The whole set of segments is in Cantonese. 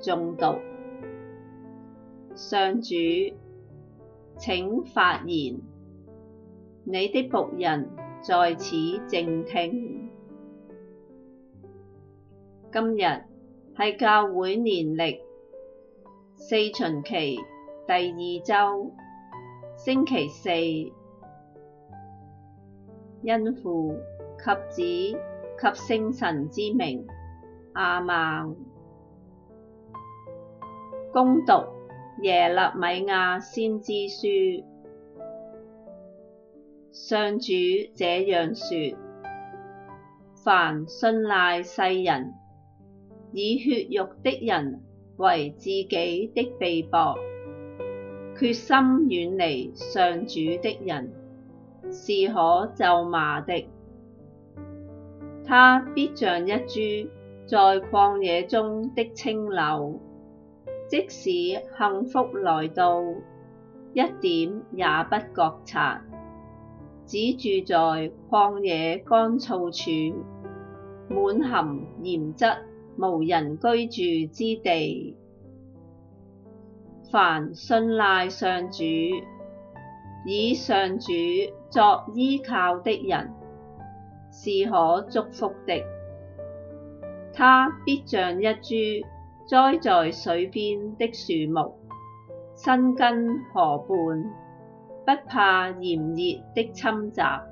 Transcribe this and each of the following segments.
誦讀上主，請發言，你的僕人在此靜聽。今日係教會年曆四旬期第二周，星期四，因父及子及聖神之名，阿孟。恭讀耶肋米亞先知書，上主這樣説：凡信賴世人、以血肉的人為自己的臂膊，決心遠離上主的人，是可咒罵的。他必像一株在曠野中的檉柳。即使幸福來到，一點也不覺察，只住在曠野乾燥處、滿含鹽質、無人居住之地。凡信賴上主、以上主作依靠的人，是可祝福的。他必像一株，栽在水邊的樹木，生根河畔，不怕炎熱的侵襲，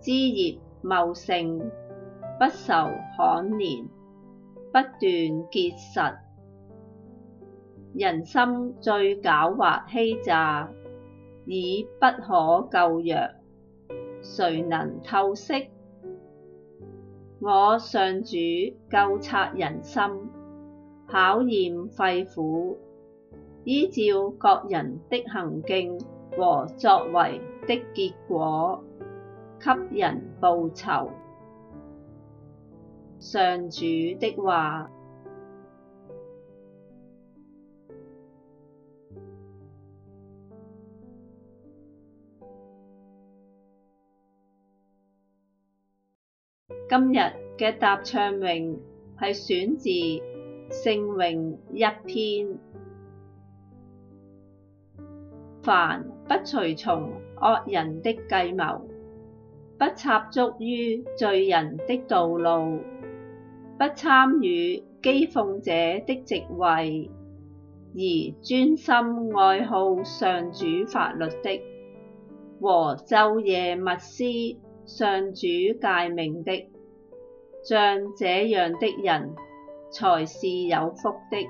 枝葉茂盛，不愁旱年，不斷結實。人心最狡猾欺詐，已不可救藥，誰能透識？我上主究察人心。考驗肺腑，依照各人的行徑和作為的結果，給人報酬。上主的話，今日嘅答唱詠係選自。聖詠一篇，凡不隨從惡人的計謀，不插足於罪人的道路，不參與譏諷者的席位，而專心愛好上主法律的，和晝夜默思上主誡命的，像這樣的人才是有福的。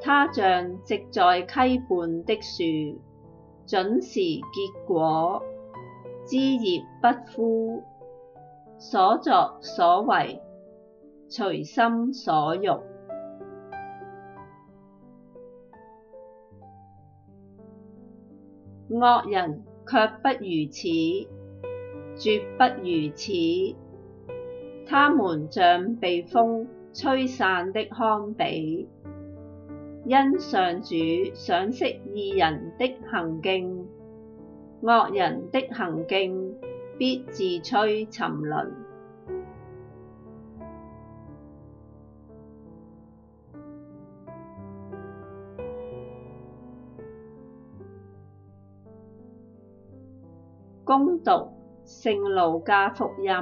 他像植在溪畔的樹，準時結果，枝葉不枯，所作所為，隨心所欲。惡人卻不如此。絕不如此！他們像被風吹散的糠粃。因上主賞識義人的行徑，惡人的行徑必自趨沉淪。恭讀。聖路加福音，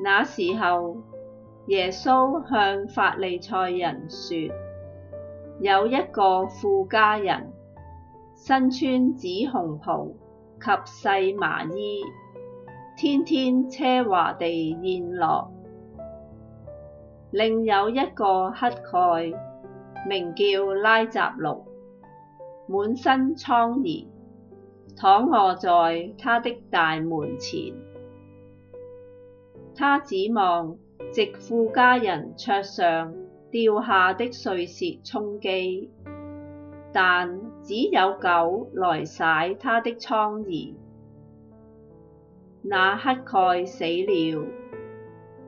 那時候，耶穌向法利塞人說：有一個富家人，身穿紫紅袍及細麻衣，天天奢華地宴樂，另有一個乞丐，名叫拉匝祿，滿身瘡痍。躺臥在他的大門前，他指望藉富家人桌上掉下的碎屑充饑，但只有狗來舐他的瘡痍。那乞丐死了，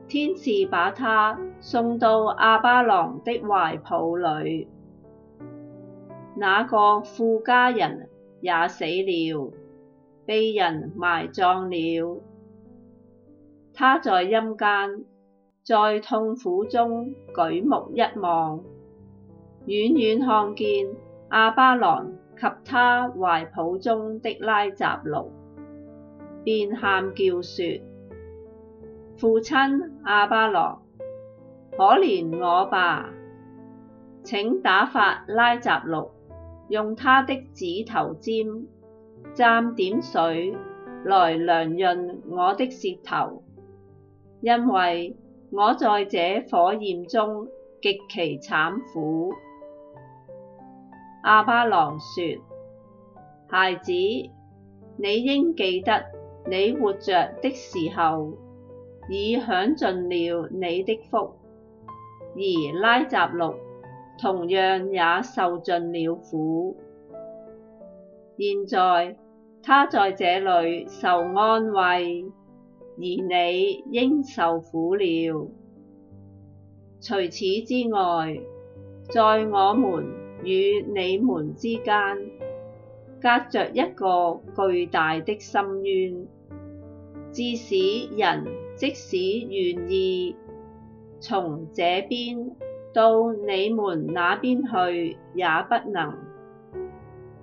天使把他送到亞巴郎的懷抱裡。那個富家人。也死了，被人埋葬了。他在陰間，在痛苦中舉目一望，遠遠看見亞巴郎及他懷抱中的拉匝祿，便喊叫說：父親亞巴郎，可憐我吧！請打發拉匝祿。用他的指頭尖蘸點水來涼潤我的舌頭，因為我在這火焰中極其慘苦。亞巴郎說：孩子，你應記得，你活着的時候已享盡了你的福。而拉匝祿。同樣也受盡了苦，現在他在這裡受安慰，而你應受苦了。除此之外，在我們與你們之間，隔着一個巨大的深淵，致使人即使願意從這邊。到你們那邊去也不能，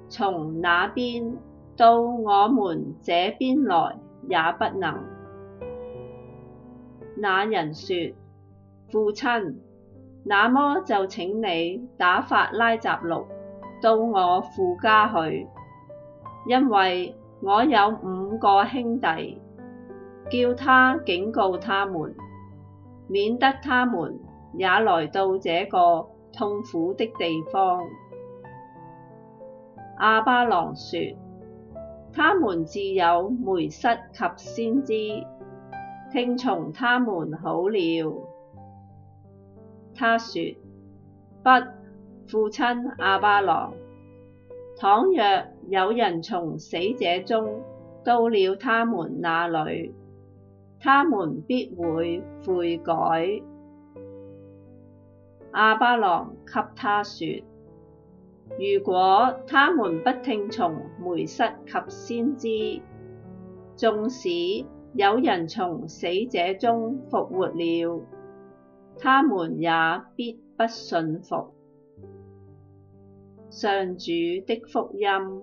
從那邊到我們這邊來也不能。那人說：父親，那麼就請你打發拉匝祿到我父家去，因為我有五個兄弟，叫他警告他們，免得他們。也來到這個痛苦的地方。亞巴郎說：他們自有梅瑟及先知，聽從他們好了。他說：不，父親亞巴郎，倘若有人從死者中到了他們那裏，他們必會悔改。亞巴郎給他說：如果他們不聽從梅瑟及先知，縱使有人從死者中復活了，他們也必不信服。上主的福音。